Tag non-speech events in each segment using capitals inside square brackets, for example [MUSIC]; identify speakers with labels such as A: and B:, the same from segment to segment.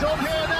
A: Job here now.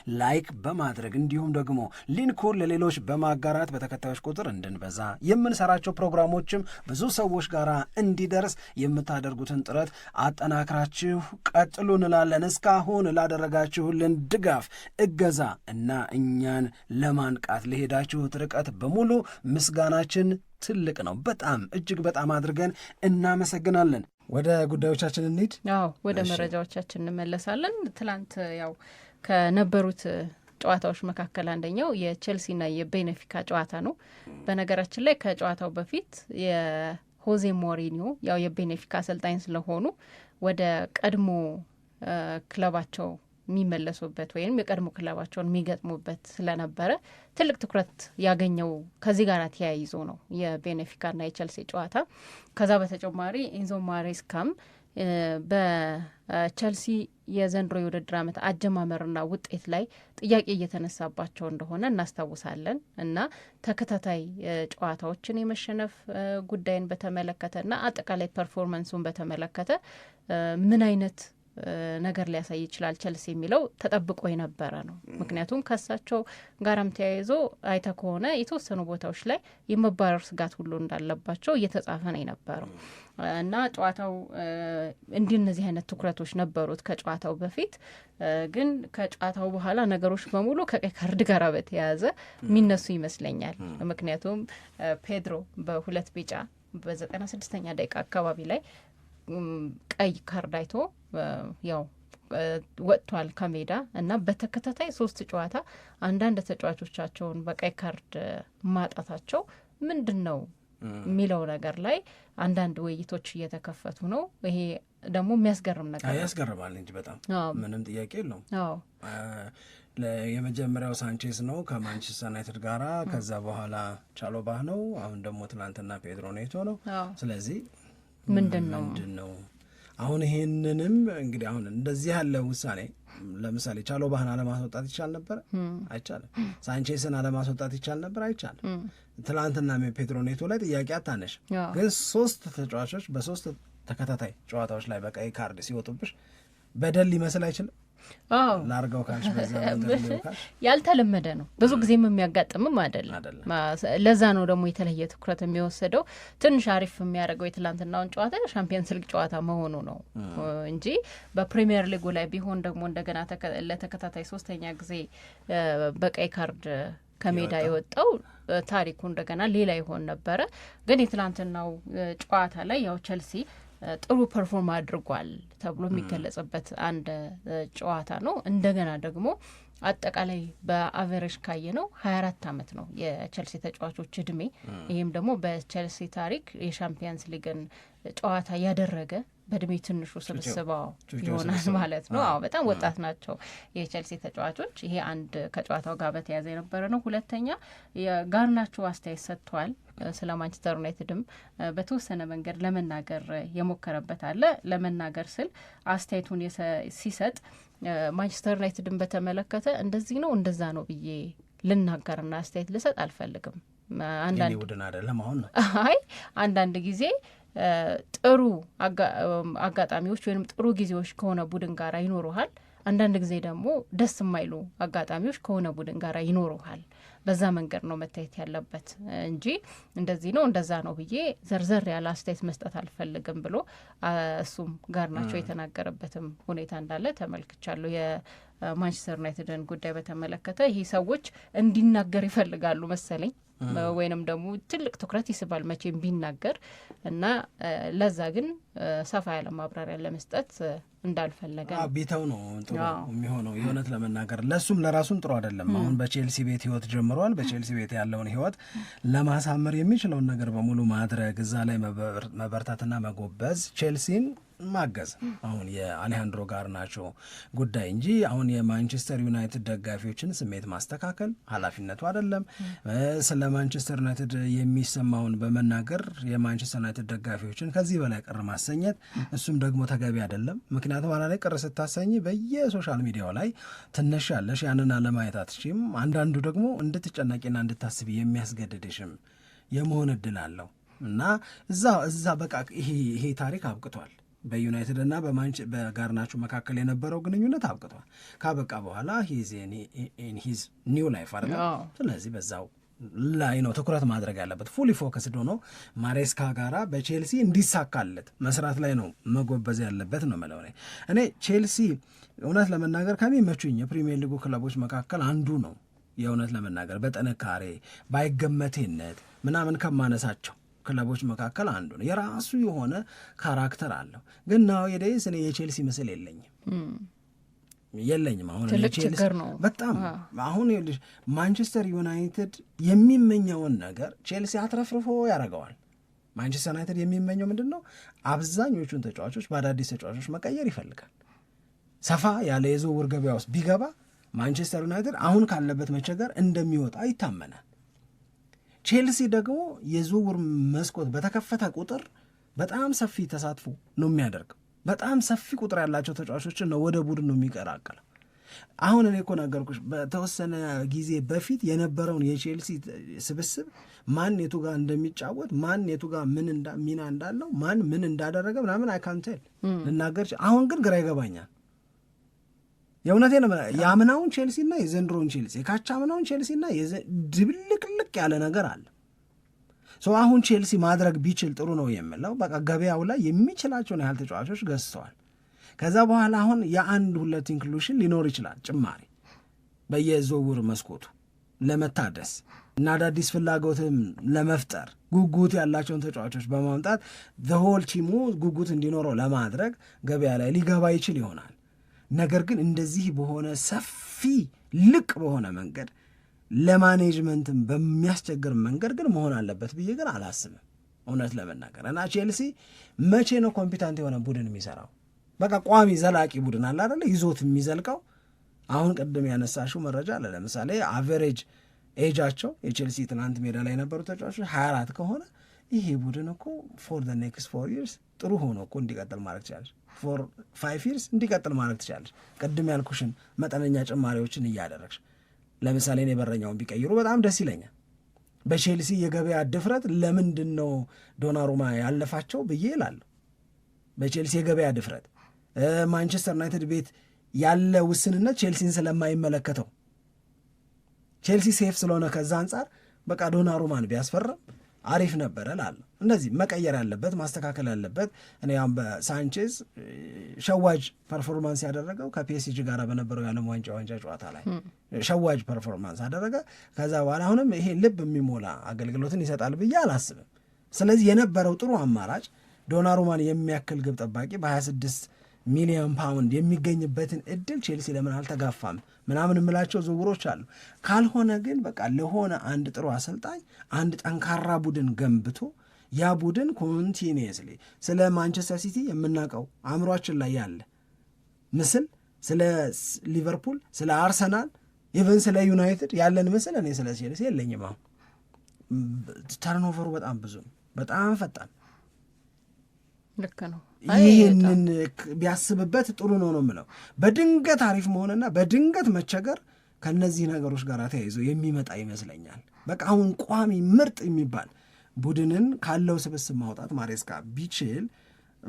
A: ላይክ በማድረግ እንዲሁም ደግሞ ሊንኩን ለሌሎች በማጋራት በተከታዮች ቁጥር እንድንበዛ የምንሰራቸው ፕሮግራሞችም ብዙ ሰዎች ጋር እንዲደርስ የምታደርጉትን ጥረት አጠናክራችሁ ቀጥሉ እንላለን። እስካሁን ላደረጋችሁልን ድጋፍ፣ እገዛ እና እኛን ለማንቃት ለሄዳችሁት ርቀት በሙሉ ምስጋናችን ትልቅ ነው። በጣም እጅግ በጣም አድርገን እናመሰግናለን። ወደ
B: ጉዳዮቻችን እንሂድ። አዎ፣ ወደ መረጃዎቻችን
C: እንመለሳለን። ትላንት ያው ከነበሩት ጨዋታዎች መካከል አንደኛው የቼልሲና የቤኔፊካ ጨዋታ ነው። በነገራችን ላይ ከጨዋታው በፊት የሆዜ ሞሪኒዮ ያው የቤኔፊካ አሰልጣኝ ስለሆኑ ወደ ቀድሞ ክለባቸው የሚመለሱበት ወይም የቀድሞ ክለባቸውን የሚገጥሙበት ስለነበረ ትልቅ ትኩረት ያገኘው ከዚህ ጋር ተያይዞ ነው የቤኔፊካና የቼልሲ ጨዋታ። ከዛ በተጨማሪ ኢንዞ ማሬስካም በቸልሲ የዘንድሮ የውድድር ዓመት አጀማመርና ውጤት ላይ ጥያቄ እየተነሳባቸው እንደሆነ እናስታውሳለን እና ተከታታይ ጨዋታዎችን የመሸነፍ ጉዳይን በተመለከተ አጠቃላይ ፐርፎርማንሱን በተመለከተ ምን አይነት ነገር ሊያሳይ ይችላል ቸልሲ የሚለው ተጠብቆ የነበረ ነው። ምክንያቱም ከሳቸው ጋራም ተያይዞ አይተ ከሆነ የተወሰኑ ቦታዎች ላይ የመባረር ስጋት ሁሉ እንዳለባቸው እየተጻፈ ነው የነበረው እና ጨዋታው እንዲ እነዚህ አይነት ትኩረቶች ነበሩት ከጨዋታው በፊት። ግን ከጨዋታው በኋላ ነገሮች በሙሉ ከቀይ ካርድ ጋር በተያያዘ የሚነሱ ይመስለኛል። ምክንያቱም ፔድሮ በሁለት ቢጫ በዘጠና ስድስተኛ ደቂቃ አካባቢ ላይ ቀይ ካርድ አይቶ ያው ወጥቷል ከሜዳ እና በተከታታይ ሶስት ጨዋታ አንዳንድ ተጫዋቾቻቸውን በቀይ ካርድ ማጣታቸው ምንድን ነው የሚለው ነገር ላይ አንዳንድ ውይይቶች እየተከፈቱ ነው። ይሄ ደግሞ የሚያስገርም ነገር ያስገርማል
B: እንጂ በጣም ምንም ጥያቄ የለውም። የመጀመሪያው ሳንቼዝ ነው ከማንቸስተር ዩናይትድ ጋራ፣
C: ከዛ በኋላ ቻሎባህ ነው፣
B: አሁን ደግሞ ትናንትና ፔድሮ ኔቶ ነው።
C: ስለዚህ ምንድን ነው
B: ምንድን ነው አሁን ይሄንንም
C: እንግዲህ አሁን እንደዚህ ያለ ውሳኔ
B: ለምሳሌ ቻሎ ባህን አለማስወጣት
C: ይቻል ነበር፣ አይቻልም።
B: ሳንቼስን አለማስወጣት ይቻል ነበር፣ አይቻልም።
C: ትናንትና ፔትሮኔቶ ኔቶ ላይ ጥያቄ
B: አታነሽ፣ ግን ሶስት ተጫዋቾች
C: በሶስት ተከታታይ ጨዋታዎች
B: ላይ በቀይ ካርድ ሲወጡብሽ
C: በደል ሊመስል አይችልም።
B: ላርገው [LAUGHS] ካልሽ
C: ያልተለመደ ነው። ብዙ ጊዜም የሚያጋጥምም
B: አይደለም። ለዛ ነው ደግሞ
C: የተለየ ትኩረት የሚወሰደው። ትንሽ
B: አሪፍ የሚያደርገው የትላንትናውን ጨዋታ ሻምፒየንስ
C: ሊግ ጨዋታ መሆኑ ነው እንጂ
B: በፕሪሚየር ሊጉ ላይ ቢሆን ደግሞ
C: እንደገና ለተከታታይ ሶስተኛ
B: ጊዜ በቀይ ካርድ
C: ከሜዳ የወጣው
B: ታሪኩ እንደገና ሌላ ይሆን ነበረ።
C: ግን የትላንትናው ጨዋታ ላይ
B: ያው ቸልሲ ጥሩ ፐርፎርም
C: አድርጓል ተብሎ የሚገለጽበት
B: አንድ ጨዋታ ነው። እንደገና
C: ደግሞ አጠቃላይ
B: በአቨሬጅ ካየ ነው ሀያ አራት አመት ነው
C: የቸልሲ ተጫዋቾች እድሜ።
B: ይህም ደግሞ በቸልሲ ታሪክ
C: የሻምፒየንስ ሊግን ጨዋታ
B: ያደረገ በእድሜ ትንሹ ስብስባ
C: ይሆናል ማለት ነው። አዎ በጣም ወጣት
B: ናቸው የቼልሲ ተጫዋቾች።
C: ይሄ አንድ ከጨዋታው ጋር በተያያዘ የነበረ
B: ነው። ሁለተኛ የጋርናቸው
C: አስተያየት ሰጥቷል። ስለ ማንቸስተር
B: ዩናይትድም በተወሰነ መንገድ
C: ለመናገር የሞከረበት አለ።
B: ለመናገር ስል አስተያየቱን
C: ሲሰጥ ማንቸስተር ዩናይትድን
B: በተመለከተ እንደዚህ ነው እንደዛ ነው
C: ብዬ ልናገርና አስተያየት
B: ልሰጥ አልፈልግም። አንዳንድ ቡድን
C: አይደለም አሁን ነው። አይ አንዳንድ
B: ጊዜ ጥሩ
C: አጋጣሚዎች ወይም ጥሩ
B: ጊዜዎች ከሆነ ቡድን ጋር ይኖረሃል።
C: አንዳንድ ጊዜ ደግሞ ደስ የማይሉ
B: አጋጣሚዎች ከሆነ ቡድን ጋር ይኖረሃል።
C: በዛ መንገድ ነው መታየት ያለበት
B: እንጂ እንደዚህ ነው እንደዛ
C: ነው ብዬ ዘርዘር ያለ አስተያየት መስጠት
B: አልፈልግም ብሎ እሱም
C: ጋር ናቸው የተናገረበትም ሁኔታ
B: እንዳለ ተመልክቻለሁ። የማንቸስተር
C: ዩናይትድን ጉዳይ በተመለከተ ይህ
B: ሰዎች እንዲናገር ይፈልጋሉ
C: መሰለኝ። ወይንም ደግሞ ትልቅ
B: ትኩረት ይስባል መቼም ቢናገር
C: እና ለዛ ግን
B: ሰፋ ያለ ማብራሪያ ለመስጠት
C: እንዳልፈለገ ቢተው ነው ጥሩ
B: የሚሆነው። የእውነት ለመናገር ለሱም
C: ለራሱም ጥሩ አይደለም። አሁን በቼልሲ ቤት ህይወት
B: ጀምሯል። በቼልሲ ቤት ያለውን ህይወት
C: ለማሳመር የሚችለውን ነገር በሙሉ
B: ማድረግ፣ እዛ ላይ መበርታትና
C: መጎበዝ ቼልሲን
B: ማገዝ አሁን የአሌሃንድሮ ጋርናቾ
C: ጉዳይ እንጂ አሁን
B: የማንቸስተር ዩናይትድ ደጋፊዎችን ስሜት
C: ማስተካከል ኃላፊነቱ አይደለም።
B: ስለ ማንቸስተር ዩናይትድ
C: የሚሰማውን በመናገር የማንቸስተር
B: ዩናይትድ ደጋፊዎችን ከዚህ በላይ ቅር ማሰኘት
C: እሱም ደግሞ ተገቢ አይደለም።
B: ምክንያቱም ኋላ ላይ ቅር ስታሰኝ በየሶሻል
C: ሚዲያው ላይ ትነሽ ያለሽ ያንን
B: አለማየት አትችም። አንዳንዱ ደግሞ
C: እንድትጨናቂና እንድታስቢ የሚያስገድድሽም
B: የመሆን እድል አለው
C: እና እዛ እዛ በቃ
B: ይሄ ታሪክ አብቅቷል በዩናይትድ
C: እና በጋርናቾ መካከል
B: የነበረው ግንኙነት አብቅቷል። ካበቃ
C: በኋላ ሂዝ
B: ኒው ላይፍ አለ። ስለዚህ በዛው
C: ላይ ነው ትኩረት ማድረግ ያለበት። ፉሊ
B: ፎከስድ ሆኖ ማሬስካ ጋራ
C: በቼልሲ እንዲሳካለት መስራት
B: ላይ ነው መጎበዝ ያለበት ነው መለው
C: እኔ ቼልሲ እውነት
B: ለመናገር ከሚመቹኝ የፕሪሚየር ሊጉ ክለቦች
C: መካከል አንዱ ነው። የእውነት ለመናገር
B: በጥንካሬ ባይገመቴነት
C: ምናምን ከማነሳቸው
B: ክለቦች መካከል አንዱ ነው። የራሱ የሆነ
C: ካራክተር አለው። ግን
B: ናውዴይስ እኔ የቼልሲ ምስል የለኝም የለኝም። አሁን በጣም አሁን
C: ማንቸስተር ዩናይትድ
B: የሚመኘውን ነገር ቼልሲ
C: አትረፍርፎ ያደርገዋል። ማንቸስተር
B: ዩናይትድ የሚመኘው ምንድን ነው? አብዛኞቹን
C: ተጫዋቾች በአዳዲስ ተጫዋቾች መቀየር
B: ይፈልጋል። ሰፋ ያለ
C: የዝውውር ገበያ ውስጥ ቢገባ ማንቸስተር
B: ዩናይትድ አሁን ካለበት መቸገር እንደሚወጣ ይታመናል። ቼልሲ ደግሞ የዝውውር
C: መስኮት በተከፈተ ቁጥር በጣም
B: ሰፊ ተሳትፎ ነው የሚያደርገው።
C: በጣም ሰፊ ቁጥር ያላቸው ተጫዋቾችን ነው
B: ወደ ቡድን ነው የሚቀላቀለው።
C: አሁን እኔ እኮ ነገርኩሽ በተወሰነ
B: ጊዜ በፊት የነበረውን የቼልሲ
C: ስብስብ ማን የቱ ጋር
B: እንደሚጫወት ማን የቱ ጋር ምን
C: ሚና እንዳለው ማን ምን እንዳደረገ ምናምን
B: አይካንቴል ልናገር። አሁን ግን
C: ግራ ይገባኛል።
B: የእውነቴ ነው። የአምናውን ቼልሲና
C: የዘንድሮን ቼልሲ የካቻ አምናውን ቼልሲና
B: ድብልቅልቅ ያለ ነገር አለ።
C: ሰው አሁን ቼልሲ
B: ማድረግ ቢችል ጥሩ ነው የምለው በቃ
C: ገበያው ላይ የሚችላቸውን ያህል ተጫዋቾች
B: ገዝተዋል። ከዛ በኋላ አሁን
C: የአንድ ሁለት ኢንክሉሽን ሊኖር ይችላል
B: ጭማሪ በየዝውውር
C: መስኮቱ ለመታደስ እና
B: አዳዲስ ፍላጎትም ለመፍጠር
C: ጉጉት ያላቸውን ተጫዋቾች በማምጣት
B: ዘሆል ቲሙ ጉጉት
C: እንዲኖረው ለማድረግ ገበያ ላይ ሊገባ
B: ይችል ይሆናል። ነገር ግን
C: እንደዚህ በሆነ ሰፊ
B: ልቅ በሆነ መንገድ
C: ለማኔጅመንትም በሚያስቸግር መንገድ
B: ግን መሆን አለበት ብዬ ግን አላስብም፣
C: እውነት ለመናገር እና ቼልሲ
B: መቼ ነው ኮምፒታንት የሆነ ቡድን የሚሰራው?
C: በቃ ቋሚ ዘላቂ ቡድን አለ
B: አይደለ? ይዞት የሚዘልቀው
C: አሁን ቅድም ያነሳሽው መረጃ አለ። ለምሳሌ
B: አቨሬጅ ኤጃቸው የቼልሲ
C: ትናንት ሜዳ ላይ የነበሩ ተጫዋቾች ሀያ አራት
B: ከሆነ ይሄ ቡድን እኮ
C: ፎር ደ ኔክስት ፎር ይርስ ጥሩ ሆኖ እኮ
B: እንዲቀጥል ማድረግ ቻለች። ፎር ፋይቭ
C: ይርስ እንዲቀጥል ማድረግ ትችላለች። ቅድም
B: ያልኩሽን መጠነኛ ጭማሪዎችን እያደረግሽ
C: ለምሳሌ እኔ በረኛውን ቢቀይሩ
B: በጣም ደስ ይለኛል። በቼልሲ
C: የገበያ ድፍረት ለምንድን ነው
B: ዶናሩማ ያለፋቸው ብዬ
C: እላለሁ። በቼልሲ የገበያ
B: ድፍረት ማንቸስተር ዩናይትድ ቤት
C: ያለ ውስንነት ቼልሲን
B: ስለማይመለከተው
C: ቼልሲ ሴፍ ስለሆነ ከዛ አንጻር
B: በቃ ዶናሩማን ቢያስፈርም
C: አሪፍ ነበረ ላለ እንደዚህ መቀየር
B: ያለበት ማስተካከል ያለበት እኔ ያም
C: በሳንቼዝ ሸዋጅ
B: ፐርፎርማንስ ያደረገው ከፒኤስጂ ጋር
C: በነበረው የዓለም ዋንጫ ዋንጫ ጨዋታ ላይ
B: ሸዋጅ ፐርፎርማንስ አደረገ።
C: ከዛ በኋላ አሁንም ይሄ ልብ የሚሞላ
B: አገልግሎትን ይሰጣል ብዬ አላስብም።
C: ስለዚህ የነበረው ጥሩ አማራጭ
B: ዶናሩማን የሚያክል ግብ ጠባቂ በ26
C: ሚሊዮን ፓውንድ የሚገኝበትን
B: እድል ቼልሲ ለምን አልተጋፋም
C: ምናምን የምላቸው ዝውውሮች አሉ።
B: ካልሆነ ግን በቃ ለሆነ አንድ ጥሩ
C: አሰልጣኝ አንድ ጠንካራ ቡድን
B: ገንብቶ ያ ቡድን
C: ኮንቲኒየስሊ ስለ ማንቸስተር ሲቲ
B: የምናውቀው አእምሯችን ላይ ያለ
C: ምስል፣ ስለ
B: ሊቨርፑል፣ ስለ አርሰናል
C: ኢቨን ስለ ዩናይትድ ያለን ምስል እኔ ስለ
B: ቼልሲ የለኝም። አሁን
C: ተርኖቨሩ በጣም ብዙ ነው፣
B: በጣም ፈጣን
C: ልክ ነው። ይህንን
B: ቢያስብበት ጥሩ ነው ነው የምለው።
C: በድንገት አሪፍ መሆንና በድንገት
B: መቸገር ከነዚህ ነገሮች ጋር
C: ተያይዞ የሚመጣ ይመስለኛል። በቃ
B: አሁን ቋሚ ምርጥ የሚባል
C: ቡድንን ካለው ስብስብ ማውጣት
B: ማሬስካ ቢችል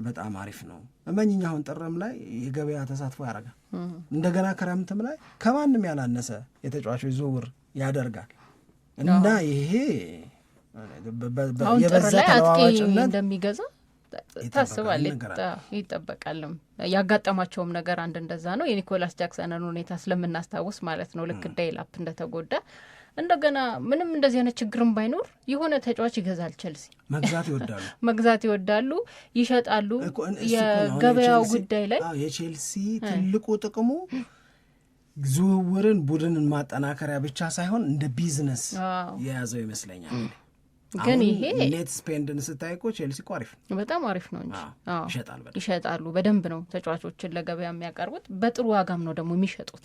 B: በጣም
C: አሪፍ ነው። እመኝኝ አሁን ጥርም ላይ
B: የገበያ ተሳትፎ ያደርጋል። እንደገና
C: ክረምትም ላይ ከማንም ያላነሰ
B: የተጫዋቾች ዝውውር ያደርጋል
C: እና ይሄ የበዛ ተለዋዋጭነት እንደሚገዛ
B: ታስባል፣ ይጠበቃልም።
C: ያጋጠማቸውም ነገር አንድ እንደዛ
B: ነው። የኒኮላስ ጃክሰንን ሁኔታ
C: ስለምናስታውስ ማለት ነው። ልክ ዴይላፕ እንደተጎዳ
B: እንደገና ምንም እንደዚህ
C: አይነት ችግርም ባይኖር የሆነ ተጫዋች
B: ይገዛል። ቸልሲ መግዛት ይወዳሉ [LAUGHS] መግዛት
C: ይወዳሉ፣ ይሸጣሉ።
B: የገበያው ጉዳይ ላይ
C: የቼልሲ ትልቁ ጥቅሙ
B: ዝውውርን ቡድንን
C: ማጠናከሪያ ብቻ ሳይሆን እንደ
B: ቢዝነስ የያዘው ይመስለኛል።
C: ግን ይሄ ኔት ስፔንድን
B: ስታይ እኮ ቼልሲ እኮ አሪፍ ነው፣ በጣም አሪፍ
C: ነው እንጂ ይሸጣሉ። በደንብ
B: ነው ተጫዋቾችን ለገበያ የሚያቀርቡት፣
C: በጥሩ ዋጋም ነው ደግሞ የሚሸጡት።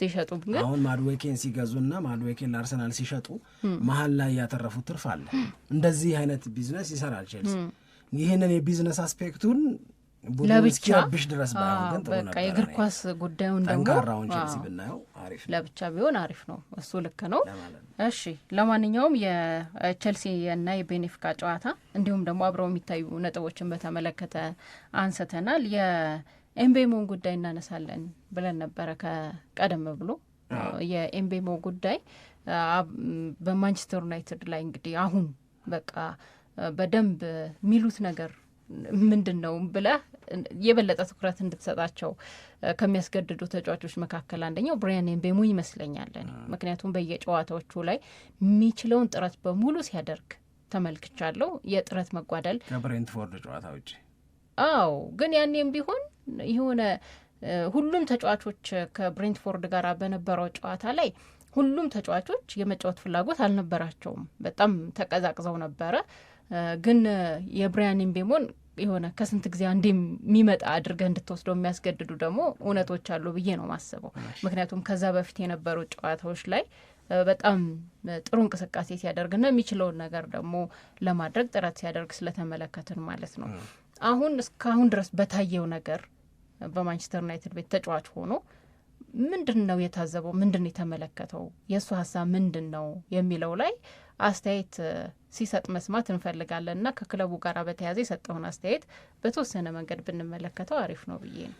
B: ሲሸጡ ግን አሁን ማድዌኬን ሲገዙና
C: ማድዌኬን ለአርሰናል ሲሸጡ
B: መሀል ላይ ያተረፉት ትርፍ አለ። እንደዚህ
C: አይነት ቢዝነስ ይሰራል ቼልሲ።
B: ይህንን የቢዝነስ አስፔክቱን
C: ለብቻብሽ ድረስ ባይሆን ግን
B: በቃ የእግር ኳስ ጉዳዩን ደግሞ
C: ብናየው ለብቻ
B: ቢሆን አሪፍ ነው። እሱ ልክ ነው።
C: እሺ ለማንኛውም የቼልሲ
B: እና የቤኔፊካ ጨዋታ
C: እንዲሁም ደግሞ አብረው የሚታዩ ነጥቦችን
B: በተመለከተ አንስተናል።
C: የኤምቤሞን ጉዳይ እናነሳለን
B: ብለን ነበረ ከቀደም
C: ብሎ የኤምቤሞ ጉዳይ በማንቸስተር ዩናይትድ ላይ እንግዲህ አሁን በቃ
B: በደንብ የሚሉት
C: ነገር ምንድን ነው ብለህ
B: የበለጠ ትኩረት እንድትሰጣቸው
C: ከሚያስገድዱ ተጫዋቾች
B: መካከል አንደኛው ብሪያን ኤምቤሞ ይመስለኛለን።
C: ምክንያቱም በየጨዋታዎቹ ላይ
B: የሚችለውን ጥረት በሙሉ
C: ሲያደርግ ተመልክቻለሁ። የጥረት
B: መጓደል ከብሬንትፎርድ ጨዋታ ውጭ።
C: አዎ፣ ግን ያኔም ቢሆን
B: የሆነ ሁሉም
C: ተጫዋቾች ከብሬንትፎርድ ጋር
B: በነበረው ጨዋታ ላይ ሁሉም
C: ተጫዋቾች የመጫወት ፍላጎት አልነበራቸውም።
B: በጣም ተቀዛቅዘው ነበረ።
C: ግን የብሪያን
B: ኤምቤሞን የሆነ ከስንት ጊዜ አንዴ
C: የሚመጣ አድርገህ እንድትወስደው የሚያስገድዱ
B: ደግሞ እውነቶች አሉ ብዬ ነው ማስበው።
C: ምክንያቱም ከዛ በፊት የነበሩ
B: ጨዋታዎች ላይ በጣም
C: ጥሩ እንቅስቃሴ ሲያደርግና የሚችለውን
B: ነገር ደግሞ ለማድረግ ጥረት ሲያደርግ
C: ስለተመለከትን ማለት ነው።
B: አሁን እስካሁን ድረስ በታየው ነገር
C: በማንቸስተር ዩናይትድ ቤት ተጫዋች
B: ሆኖ ምንድን ነው
C: የታዘበው? ምንድን ነው የተመለከተው? የእሱ
B: ሀሳብ ምንድን ነው የሚለው ላይ
C: አስተያየት ሲሰጥ መስማት
B: እንፈልጋለን እና ከክለቡ ጋር በተያያዘ
C: የሰጠውን አስተያየት በተወሰነ መንገድ
B: ብንመለከተው አሪፍ ነው ብዬ ነው።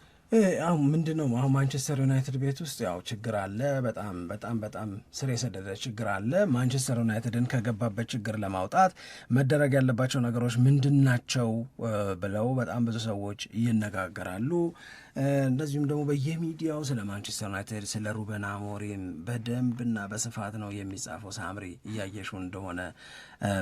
C: ያው ምንድን ነው አሁን ማንቸስተር ዩናይትድ
B: ቤት ውስጥ ያው ችግር አለ። በጣም
C: በጣም በጣም ስር የሰደደ ችግር አለ።
B: ማንቸስተር ዩናይትድን ከገባበት ችግር
C: ለማውጣት መደረግ ያለባቸው
B: ነገሮች ምንድን ናቸው ብለው
C: በጣም ብዙ ሰዎች ይነጋገራሉ። እንደዚሁም ደግሞ በየሚዲያው ስለ ማንቸስተር ዩናይትድ ስለ ሩበን
B: አሞሪም በደንብና በስፋት
C: ነው የሚጻፈው። ሳምሪ እያየሹ
B: እንደሆነ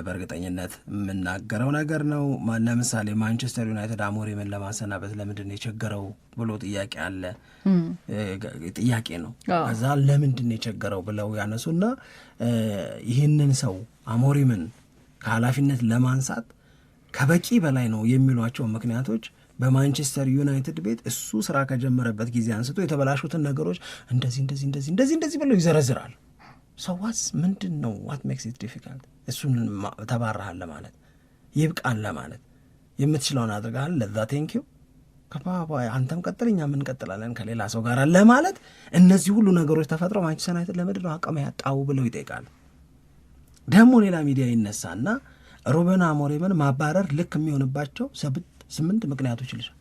B: በእርግጠኝነት
C: የምናገረው ነገር ነው።
B: ለምሳሌ ማንቸስተር ዩናይትድ አሞሪምን
C: ለማሰናበት ለምንድን ነው የቸገረው ብሎ የሚለው ጥያቄ አለ ጥያቄ ነው። ከዛ ለምንድን ነው
B: የቸገረው ብለው ያነሱና
C: ይህንን ሰው አሞሪምን
B: ከኃላፊነት ለማንሳት
C: ከበቂ በላይ ነው የሚሏቸው
B: ምክንያቶች በማንቸስተር ዩናይትድ
C: ቤት እሱ ስራ ከጀመረበት ጊዜ አንስቶ
B: የተበላሹትን ነገሮች እንደዚህ እንደዚህ
C: እንደዚህ እንደዚህ እንደዚህ ብለው ይዘረዝራል።
B: ሰዋስ ምንድን ነው ዋት ሜክስ ኢት
C: ዲፊካልት እሱን ተባረሃል
B: ለማለት ይብቃን ለማለት
C: የምትችለውን አድርገሃል ለዛ ቴንኪው
B: ከባባይ አንተም ቀጥል እኛም
C: እንቀጥላለን ከሌላ ሰው ጋር ለማለት
B: እነዚህ ሁሉ ነገሮች ተፈጥረው ማንቸስተር ዩናይትድ
C: ለምንድን አቅም ያጣው ብለው ይጠይቃሉ።
B: ደግሞ ሌላ ሚዲያ
C: ይነሳና ሩበን አሞሪምን
B: ማባረር ልክ የሚሆንባቸው
C: ስምንት ምክንያቶች ይልሻል።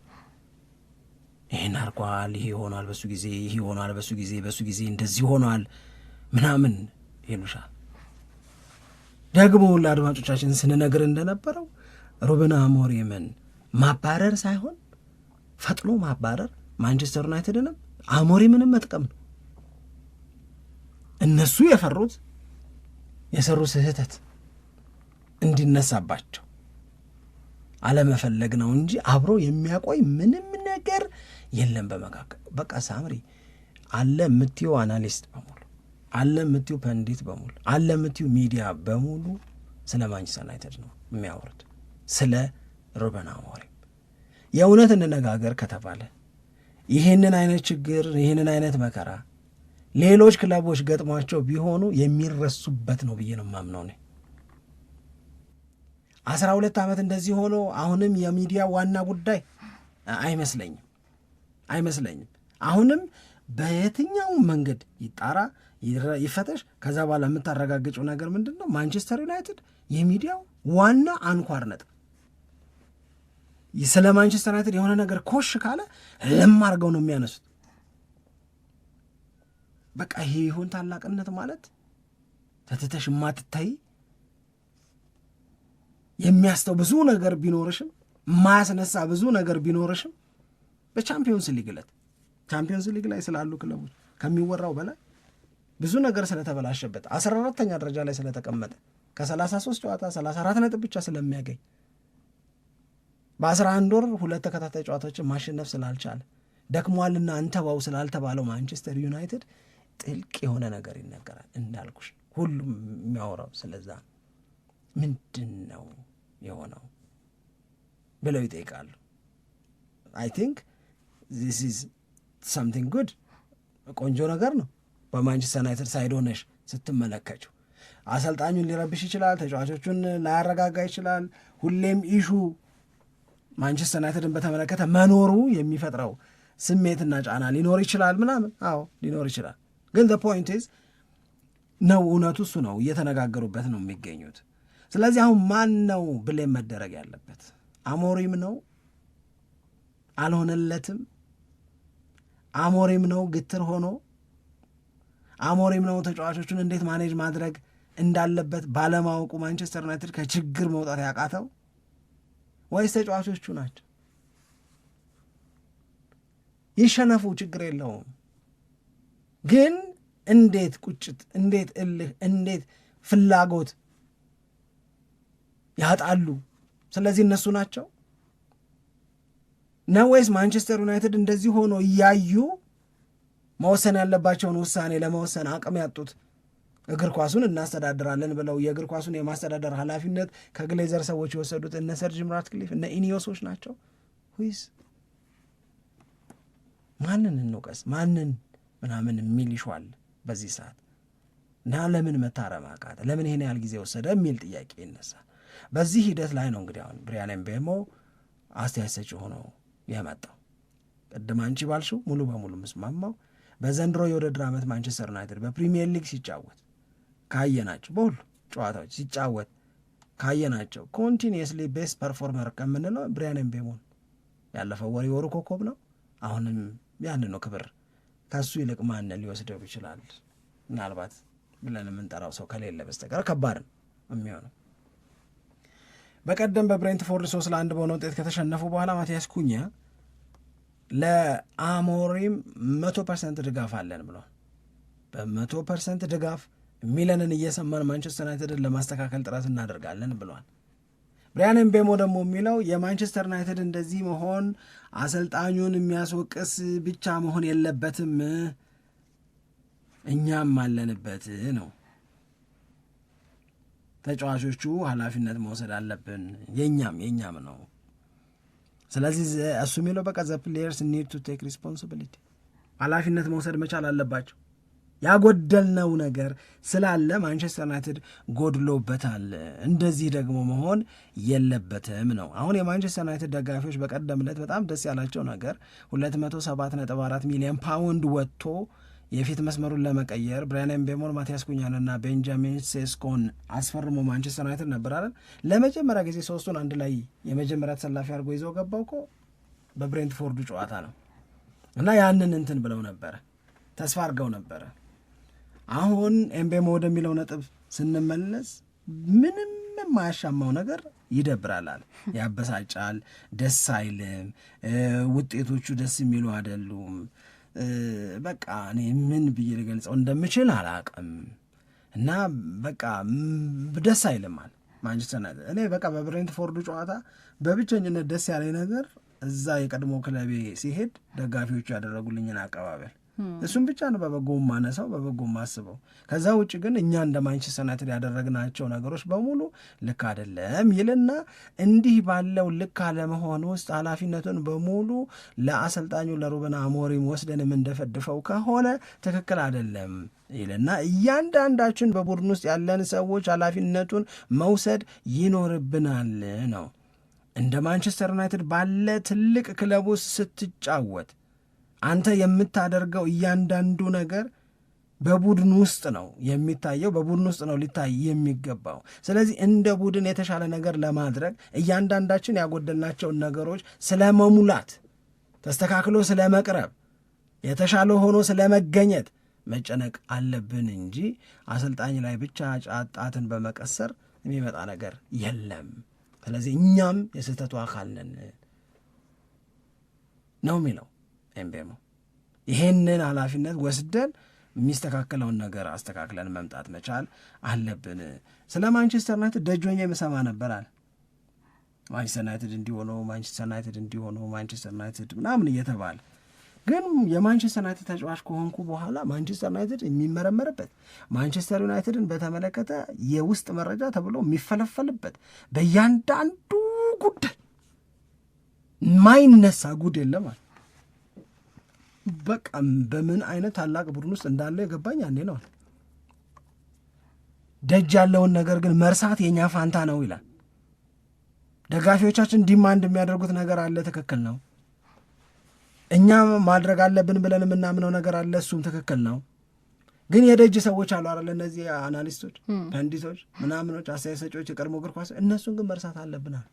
B: ይህን አርጓል፣ ይሄ ሆኗል፣
C: በሱ ጊዜ ይሄ ሆኗል፣ በሱ ጊዜ በሱ ጊዜ
B: እንደዚህ ሆኗል ምናምን ይሉሻል። ደግሞ ለአድማጮቻችን ስንነግር
C: እንደነበረው ሩበን አሞሪምን
B: ማባረር ሳይሆን
C: ፈጥኖ ማባረር
B: ማንቸስተር ዩናይትድንም ምንም መጥቀም ነው። እነሱ የፈሩት
C: የሰሩ ስህተት
B: እንዲነሳባቸው
C: አለመፈለግ ነው እንጂ
B: አብሮ የሚያቆይ ምንም ነገር
C: የለም። በመካከል በቃ
B: ሳምሪ አለ ምትዩ
C: አናሊስት በሙሉ አለ ምትዩ
B: ፐንዲት በሙሉ አለ ምትዩ ሚዲያ
C: በሙሉ ስለ ማንቸስተር ዩናይትድ ነው
B: የሚያወሩት፣ ስለ
C: ሩበን አሞሪም የእውነት
B: እንነጋገር ከተባለ
C: ይህንን አይነት ችግር ይህንን አይነት
B: መከራ ሌሎች ክለቦች
C: ገጥሟቸው ቢሆኑ የሚረሱበት
B: ነው ብዬ ነው ማምነው።
C: አስራ ሁለት ዓመት
B: እንደዚህ ሆኖ አሁንም የሚዲያ ዋና
C: ጉዳይ አይመስለኝም
B: አይመስለኝም። አሁንም
C: በየትኛውም መንገድ
B: ይጣራ ይፈተሽ። ከዛ
C: በኋላ የምታረጋግጨው ነገር ምንድን ነው?
B: ማንቸስተር ዩናይትድ የሚዲያው ዋና አንኳር ነጥብ ስለ ማንቸስተር ዩናይትድ የሆነ
C: ነገር ኮሽ ካለ ልም አድርገው ነው የሚያነሱት። በቃ ይሄ ይሁን
B: ታላቅነት ማለት ተትተሽ ማትታይ የሚያስተው ብዙ
C: ነገር ቢኖርሽም ማያስነሳ
B: ብዙ ነገር ቢኖርሽም
C: በቻምፒዮንስ ሊግ ዕለት ቻምፒዮንስ
B: ሊግ ላይ ስላሉ ክለቦች ከሚወራው በላይ
C: ብዙ ነገር ስለተበላሸበት
B: አስራ አራተኛ ደረጃ ላይ ስለተቀመጠ
C: ከሰላሳ ሶስት ጨዋታ ሰላሳ አራት ነጥብ ብቻ ስለሚያገኝ በአስራ አንድ ወር ሁለት ተከታታይ
B: ጨዋታዎችን ማሸነፍ ስላልቻለ
C: ደክሟልና እንተባው ስላልተባለው ማንቸስተር
B: ዩናይትድ ጥልቅ የሆነ ነገር
C: ይነገራል። እንዳልኩሽ ሁሉም
B: የሚያወራው ስለዛ
C: ምንድን ነው የሆነው
B: ብለው ይጠይቃሉ። አይ ቲንክ ዚስ ኢዝ ሰምቲንግ
C: ጉድ ቆንጆ ነገር ነው።
B: በማንቸስተር ዩናይትድ ሳይድ ሆነሽ
C: ስትመለከችው አሰልጣኙን ሊረብሽ
B: ይችላል፣ ተጫዋቾቹን ላያረጋጋ
C: ይችላል። ሁሌም ኢሹ
B: ማንቸስተር ዩናይትድን በተመለከተ
C: መኖሩ የሚፈጥረው ስሜትና
B: ጫና ሊኖር ይችላል ምናምን፣ አዎ
C: ሊኖር ይችላል። ግን ዘ ፖይንት ኢዝ
B: ነው እውነቱ እሱ ነው፣
C: እየተነጋገሩበት ነው የሚገኙት።
B: ስለዚህ አሁን ማን ነው ብሌም መደረግ
C: ያለበት? አሞሪም ነው
B: አልሆነለትም? አሞሪም ነው ግትር ሆኖ
C: አሞሪም ነው ተጫዋቾቹን እንዴት
B: ማኔጅ ማድረግ እንዳለበት
C: ባለማወቁ ማንቸስተር ዩናይትድ ከችግር መውጣት
B: ያቃተው ወይስ
C: ተጫዋቾቹ ናቸው? ይሸነፉ፣ ችግር የለውም
B: ግን እንዴት
C: ቁጭት፣ እንዴት እልህ፣ እንዴት
B: ፍላጎት ያጣሉ። ስለዚህ እነሱ ናቸው
C: ነው ወይስ ማንቸስተር
B: ዩናይትድ እንደዚህ ሆኖ እያዩ
C: መወሰን ያለባቸውን ውሳኔ
B: ለመወሰን አቅም ያጡት
C: እግር ኳሱን እናስተዳድራለን ብለው የእግር
B: ኳሱን የማስተዳደር ኃላፊነት ከግሌዘር
C: ሰዎች የወሰዱት እነ ሰርጅ ምራትክሊፍ እነ
B: ኢኒዮሶች ናቸው። ሁይስ ማንን እንውቀስ ማንን
C: ምናምን የሚል ይሿል በዚህ ሰዓት
B: እና ለምን መታረም አቃተ?
C: ለምን ይሄን ያህል ጊዜ ወሰደ? የሚል ጥያቄ
B: ይነሳል። በዚህ ሂደት ላይ ነው እንግዲህ አሁን
C: ብሪያን ምቤሞ አስተያየት
B: ሰጪ ሆኖ የመጣው።
C: ቅድም አንቺ ባልሽው ሙሉ በሙሉ ምስማማው።
B: በዘንድሮ የውድድር ዓመት ማንቸስተር
C: ዩናይትድ በፕሪሚየር ሊግ ሲጫወት
B: ካየናቸው በሁሉ ጨዋታዎች
C: ሲጫወት ካየናቸው
B: ኮንቲኒየስሊ ቤስት ፐርፎርመር ከምንለው
C: ብሪያን ኤምቤሞን ያለፈው
B: ወር የወሩ ኮከብ ነው። አሁንም
C: ያን ነው ክብር ከሱ ይልቅ
B: ማንን ሊወስደው ይችላል? ምናልባት
C: ብለን የምንጠራው ሰው ከሌለ
B: በስተቀር ከባድ ነው የሚሆነው። በቀደም በብሬንትፎርድ ሶስት ለአንድ በሆነ ውጤት ከተሸነፉ በኋላ ማቲያስ ኩኛ ለአሞሪም መቶ
C: ፐርሰንት ድጋፍ አለን ብሏል።
B: በመቶ ፐርሰንት ድጋፍ
C: ሚለንን እየሰማን ማንቸስተር ዩናይትድን ለማስተካከል
B: ጥረት እናደርጋለን ብሏል።
C: ብሪያን ምቤሞ ደግሞ የሚለው
B: የማንቸስተር ዩናይትድ እንደዚህ መሆን
C: አሰልጣኙን የሚያስወቅስ
B: ብቻ መሆን የለበትም፣
C: እኛም አለንበት ነው። ተጫዋቾቹ
B: ኃላፊነት መውሰድ አለብን። የኛም የኛም ነው። ስለዚህ እሱ የሚለው በቃ ዘ ፕሌየርስ
C: ኒድ ቱ ቴክ ሪስፖንሲቢሊቲ
B: ኃላፊነት መውሰድ መቻል አለባቸው።
C: ያጎደልነው ነገር ስላለ
B: ማንቸስተር ዩናይትድ ጎድሎበታል።
C: እንደዚህ ደግሞ መሆን
B: የለበትም ነው። አሁን የማንቸስተር
C: ዩናይትድ ደጋፊዎች በቀደም ዕለት በጣም ደስ
B: ያላቸው ነገር 274
C: ሚሊዮን ፓውንድ ወጥቶ
B: የፊት መስመሩን ለመቀየር ብራያን
C: ምቤሞን፣ ማቲያስ ኩኛንና ቤንጃሚን
B: ሴስኮን አስፈርሞ ማንቸስተር ዩናይትድ ነበር
C: አለን። ለመጀመሪያ ጊዜ ሶስቱን አንድ ላይ
B: የመጀመሪያ ተሰላፊ አድርጎ ይዘው ገባው እኮ
C: በብሬንትፎርዱ ጨዋታ ነው
B: እና ያንን እንትን ብለው
C: ነበረ ተስፋ አድርገው ነበረ
B: አሁን ኤምቤሞ ወደሚለው
C: ነጥብ ስንመለስ
B: ምንም የማያሻማው ነገር
C: ይደብራላል፣ ያበሳጫል፣
B: ደስ አይልም።
C: ውጤቶቹ ደስ የሚሉ አይደሉም። በቃ እኔ ምን ብዬ ልገልጸው እንደምችል አላቅም
B: እና በቃ
C: ደስ አይልማል
B: ማንቸስተር ዩናይትድ። እኔ በቃ በብሬንትፎርዱ ጨዋታ
C: በብቸኝነት ደስ ያለኝ ነገር
B: እዛ የቀድሞ ክለቤ ሲሄድ
C: ደጋፊዎቹ ያደረጉልኝን አቀባበል
B: እሱም ብቻ ነው በበጎ ማነሳው
C: በበጎ ማስበው። ከዛ ውጭ ግን እኛ
B: እንደ ማንቸስተር ዩናይትድ ያደረግናቸው ነገሮች
C: በሙሉ ልክ አይደለም ይልና
B: እንዲህ ባለው ልክ
C: አለመሆን ውስጥ ኃላፊነቱን በሙሉ
B: ለአሰልጣኙ ለሩበን አሞሪም
C: ወስደን የምንደፈድፈው ከሆነ
B: ትክክል አይደለም ይልና
C: እያንዳንዳችን በቡድን ውስጥ ያለን
B: ሰዎች ኃላፊነቱን መውሰድ
C: ይኖርብናል ነው
B: እንደ ማንቸስተር ዩናይትድ ባለ
C: ትልቅ ክለብ ውስጥ ስትጫወት
B: አንተ የምታደርገው
C: እያንዳንዱ ነገር
B: በቡድን ውስጥ ነው የሚታየው፣
C: በቡድን ውስጥ ነው ሊታይ የሚገባው።
B: ስለዚህ እንደ ቡድን የተሻለ ነገር
C: ለማድረግ እያንዳንዳችን ያጎደልናቸውን
B: ነገሮች ስለመሙላት
C: ተስተካክሎ ስለመቅረብ
B: የተሻለ ሆኖ ስለመገኘት
C: መጨነቅ አለብን እንጂ
B: አሰልጣኝ ላይ ብቻ
C: ጫጣትን በመቀሰር የሚመጣ ነገር
B: የለም። ስለዚህ እኛም
C: የስህተቱ አካል ነን ነው የሚለው ኤምቤሞ ይሄንን
B: ኃላፊነት ወስደን
C: የሚስተካከለውን ነገር አስተካክለን መምጣት መቻል
B: አለብን። ስለ ማንቸስተር
C: ዩናይትድ ደጆኛ የምሰማ ነበር አለ
B: ማንቸስተር ዩናይትድ እንዲሆነ
C: ማንቸስተር ዩናይትድ እንዲሆነ ማንቸስተር ዩናይትድ
B: ምናምን እየተባለ ግን
C: የማንቸስተር ዩናይትድ ተጫዋች ከሆንኩ በኋላ
B: ማንቸስተር ዩናይትድ የሚመረመርበት
C: ማንቸስተር ዩናይትድን በተመለከተ
B: የውስጥ መረጃ ተብሎ የሚፈለፈልበት
C: በእያንዳንዱ ጉዳይ ማይነሳ ጉድ የለም አለ በቃ በምን አይነት ታላቅ ቡድን ውስጥ እንዳለ የገባኝ አንዴ ነው ደጅ ያለውን ነገር ግን
B: መርሳት የእኛ ፋንታ ነው ይላል።
C: ደጋፊዎቻችን ዲማንድ
B: የሚያደርጉት ነገር አለ፣ ትክክል ነው።
C: እኛ ማድረግ
B: አለብን ብለን የምናምነው ነገር አለ፣ እሱም ትክክል
C: ነው። ግን የደጅ ሰዎች
B: አሉ አለ እነዚህ አናሊስቶች፣
C: ፐንዲቶች፣ ምናምኖች፣ አስተያየት ሰጪዎች፣ የቀድሞ እግር
B: ኳስ እነሱን ግን መርሳት አለብናል።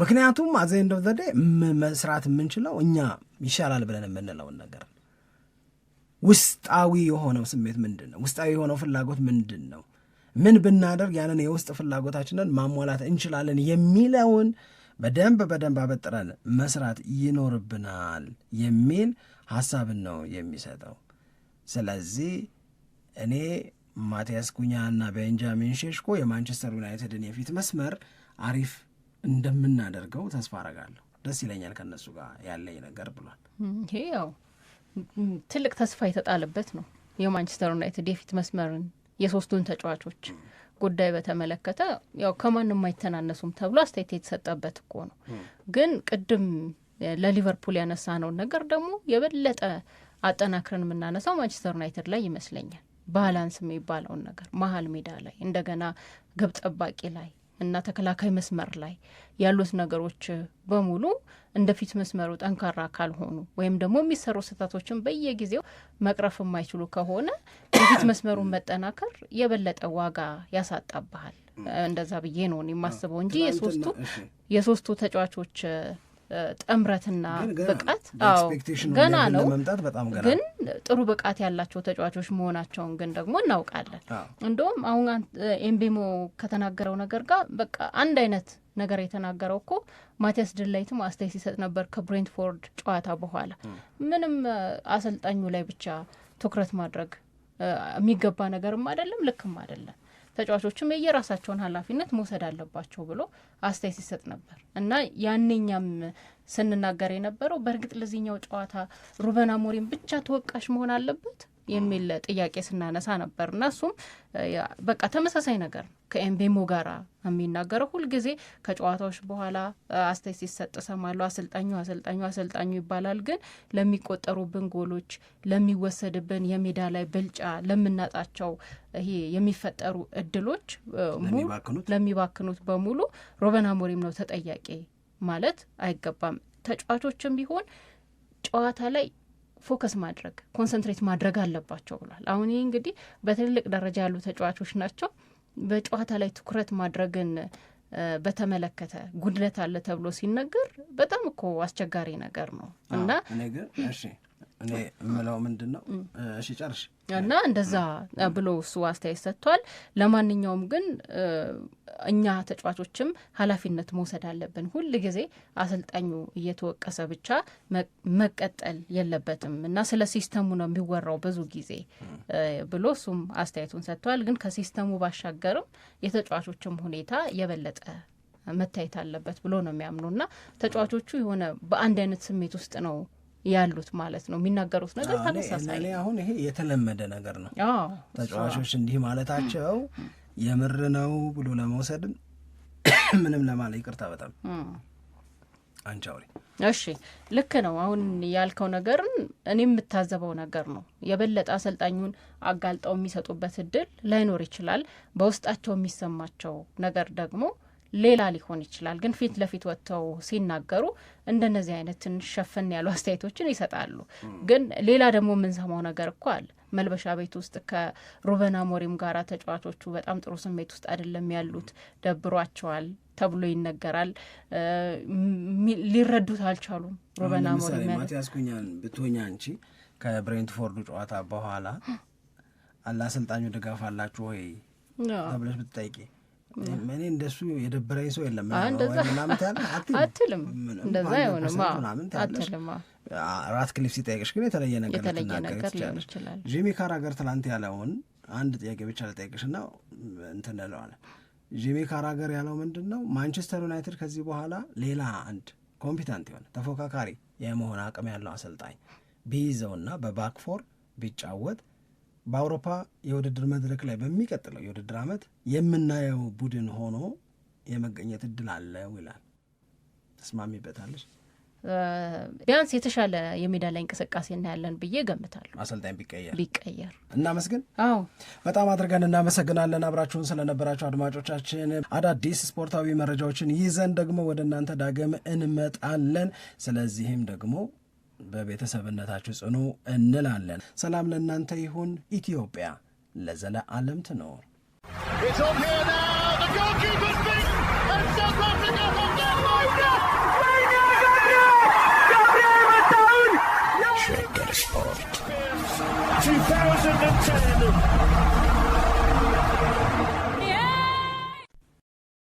B: ምክንያቱም አዘንድ ኦፍ
C: መስራት የምንችለው እኛ
B: ይሻላል ብለን የምንለውን ነገር
C: ውስጣዊ የሆነው
B: ስሜት ምንድን ነው? ውስጣዊ የሆነው ፍላጎት
C: ምንድን ነው? ምን ብናደርግ ያንን
B: የውስጥ ፍላጎታችንን ማሟላት እንችላለን
C: የሚለውን በደንብ
B: በደንብ አበጥረን መስራት
C: ይኖርብናል የሚል
B: ሀሳብን ነው የሚሰጠው።
C: ስለዚህ እኔ
B: ማቲያስ ኩኛ እና
C: ቤንጃሚን ሼሽኮ የማንቸስተር ዩናይትድን የፊት
B: መስመር አሪፍ
C: እንደምናደርገው ተስፋ አረጋለሁ። ደስ
B: ይለኛል ከነሱ ጋር ያለኝ ነገር ብሏል። ይሄ ያው ትልቅ ተስፋ የተጣለበት ነው።
C: የማንቸስተር ዩናይትድ የፊት መስመርን
B: የሶስቱን ተጫዋቾች ጉዳይ
C: በተመለከተ ያው ከማንም አይተናነሱም
B: ተብሎ አስተያየት የተሰጠበት እኮ ነው።
C: ግን ቅድም
B: ለሊቨርፑል ያነሳ ነውን ነገር ደግሞ የበለጠ
C: አጠናክረን የምናነሳው
B: ማንቸስተር ዩናይትድ ላይ ይመስለኛል። ባላንስ
C: የሚባለውን ነገር መሀል ሜዳ ላይ
B: እንደገና ግብ ጠባቂ ላይ
C: እና ተከላካይ መስመር ላይ
B: ያሉት ነገሮች በሙሉ
C: እንደ ፊት መስመሩ ጠንካራ ካልሆኑ
B: ወይም ደግሞ የሚሰሩ ስህተቶችን በየጊዜው
C: መቅረፍ የማይችሉ ከሆነ
B: የፊት መስመሩን መጠናከር
C: የበለጠ ዋጋ ያሳጣብሃል።
B: እንደዛ ብዬ ነው የማስበው እንጂ
C: የሶስቱ የሶስቱ ተጫዋቾች
B: ጥምረትና
C: ብቃት ገና ነው፣
B: ግን ጥሩ ብቃት
C: ያላቸው ተጫዋቾች መሆናቸውን ግን ደግሞ
B: እናውቃለን። እንደውም አሁን
C: ኤምቤሞ ከተናገረው ነገር ጋር
B: በቃ አንድ አይነት ነገር የተናገረው
C: እኮ ማቲያስ ድላይትም አስተያየት
B: ሲሰጥ ነበር ከብሬንትፎርድ ጨዋታ በኋላ
C: ምንም አሰልጣኙ
B: ላይ ብቻ ትኩረት ማድረግ
C: የሚገባ ነገርም አይደለም፣
B: ልክም አይደለም። ተጫዋቾችም የየራሳቸውን
C: ኃላፊነት መውሰድ አለባቸው ብሎ
B: አስተያየት ሲሰጥ ነበር እና
C: ያንኛም ስንናገር የነበረው
B: በእርግጥ ለዚህኛው ጨዋታ ሩበን
C: አሞሪም ብቻ ተወቃሽ መሆን አለበት
B: የሚል ጥያቄ ስናነሳ ነበር
C: እና እሱም በቃ ተመሳሳይ
B: ነገር ነው ከኤምቤሞ ጋራ
C: የሚናገረው ሁልጊዜ ከጨዋታዎች
B: በኋላ አስተያየት ሲሰጥ ሰማለሁ።
C: አሰልጣኙ አሰልጣኙ አሰልጣኙ ይባላል፣ ግን
B: ለሚቆጠሩብን ጎሎች፣
C: ለሚወሰድብን የሜዳ ላይ ብልጫ፣
B: ለምናጣቸው ይሄ
C: የሚፈጠሩ እድሎች
B: ለሚባክኑት በሙሉ
C: ሮበን አሞሪም ነው ተጠያቂ
B: ማለት አይገባም። ተጫዋቾችም
C: ቢሆን ጨዋታ ላይ
B: ፎከስ ማድረግ ኮንሰንትሬት ማድረግ
C: አለባቸው ብሏል። አሁን ይህ እንግዲህ
B: በትልልቅ ደረጃ ያሉ ተጫዋቾች ናቸው።
C: በጨዋታ ላይ ትኩረት ማድረግን
B: በተመለከተ ጉድለት
C: አለ ተብሎ ሲነገር በጣም እኮ
B: አስቸጋሪ ነገር ነው እና እኔ
C: ግን እሺ እኔ የምለው
B: ምንድን ነው እሺ ጨርሽ እና
C: እንደዛ ብሎ እሱ አስተያየት
B: ሰጥቷል። ለማንኛውም ግን
C: እኛ ተጫዋቾችም
B: ኃላፊነት መውሰድ አለብን። ሁል ጊዜ
C: አሰልጣኙ እየተወቀሰ ብቻ
B: መቀጠል የለበትም
C: እና ስለ ሲስተሙ ነው የሚወራው ብዙ
B: ጊዜ ብሎ እሱም
C: አስተያየቱን ሰጥቷል። ግን ከሲስተሙ ባሻገርም
B: የተጫዋቾችም ሁኔታ
C: የበለጠ መታየት አለበት
B: ብሎ ነው ና ተጫዋቾቹ የሆነ
C: በአንድ አይነት ስሜት ውስጥ ነው
B: ያሉት ማለት ነው። የሚናገሩት ነገር
C: ተመሳሳይ። አሁን ይሄ የተለመደ ነገር
B: ነው። ተጫዋቾች እንዲህ
C: ማለታቸው የምር ነው
B: ብሎ ለመውሰድ ምንም
C: ለማለ ይቅርታ በጣም
B: አንቺ እሺ
C: ልክ ነው። አሁን ያልከው ነገር
B: እኔ የምታዘበው ነገር ነው። የበለጠ
C: አሰልጣኙን አጋልጠው የሚሰጡበት
B: እድል ላይኖር ይችላል።
C: በውስጣቸው የሚሰማቸው ነገር ደግሞ
B: ሌላ ሊሆን ይችላል። ግን ፊት
C: ለፊት ወጥተው ሲናገሩ
B: እንደነዚህ አይነት ትንሽ ሸፈን ያሉ አስተያየቶችን
C: ይሰጣሉ። ግን ሌላ ደግሞ
B: የምንሰማው ነገር እኮ አለ። መልበሻ ቤት
C: ውስጥ ከሩበን አሞሪም ጋር
B: ተጫዋቾቹ በጣም ጥሩ ስሜት ውስጥ አይደለም
C: ያሉት፣ ደብሯቸዋል ተብሎ ይነገራል። ሊረዱት አልቻሉም። ሩበን
B: አሞሪም ማቲያስ ኩኛን ብትሆኛ አንቺ
C: ከብሬንትፎርዱ ጨዋታ
B: በኋላ አለ አሰልጣኙ
C: ድጋፍ አላችሁ ወይ
B: ተብለሽ ብትጠይቄ እኔ እንደሱ
C: የደበረኝ ሰው የለም
B: አትልም፣ እንደዛ አይሆንም አትልም። ራትክሊፍ ሲጠይቅሽ ግን የተለየ ነገር
C: ትችላለች። ጂሚ ካራገር ትላንት
B: ያለውን አንድ ጥያቄ ብቻ ልጠይቅሽ
C: እና እንትን እለዋለሁ።
B: ጂሚ ካራገር ያለው ምንድን ነው? ማንቸስተር
C: ዩናይትድ ከዚህ በኋላ ሌላ አንድ
B: ኮምፒታንት የሆነ ተፎካካሪ
C: የመሆን አቅም ያለው አሰልጣኝ
B: ቢይዘውና በባክፎር ቢጫወት
C: በአውሮፓ የውድድር
B: መድረክ ላይ በሚቀጥለው የውድድር ዓመት
C: የምናየው ቡድን ሆኖ
B: የመገኘት እድል አለው ይላል።
C: ተስማሚበታለች።
B: ቢያንስ የተሻለ
C: የሜዳ ላይ እንቅስቃሴ እናያለን ብዬ ገምታለሁ።
B: አሰልጣኝ ቢቀየር ቢቀየር። እናመስግን።
C: አዎ፣ በጣም አድርገን
B: እናመሰግናለን አብራችሁን ስለነበራችሁ አድማጮቻችን።
C: አዳዲስ ስፖርታዊ መረጃዎችን
B: ይዘን ደግሞ ወደ እናንተ ዳግም
C: እንመጣለን። ስለዚህም
B: ደግሞ በቤተሰብነታችሁ
C: ጽኑ እንላለን። ሰላም ለእናንተ
B: ይሁን። ኢትዮጵያ ለዘለዓለም ትኖር።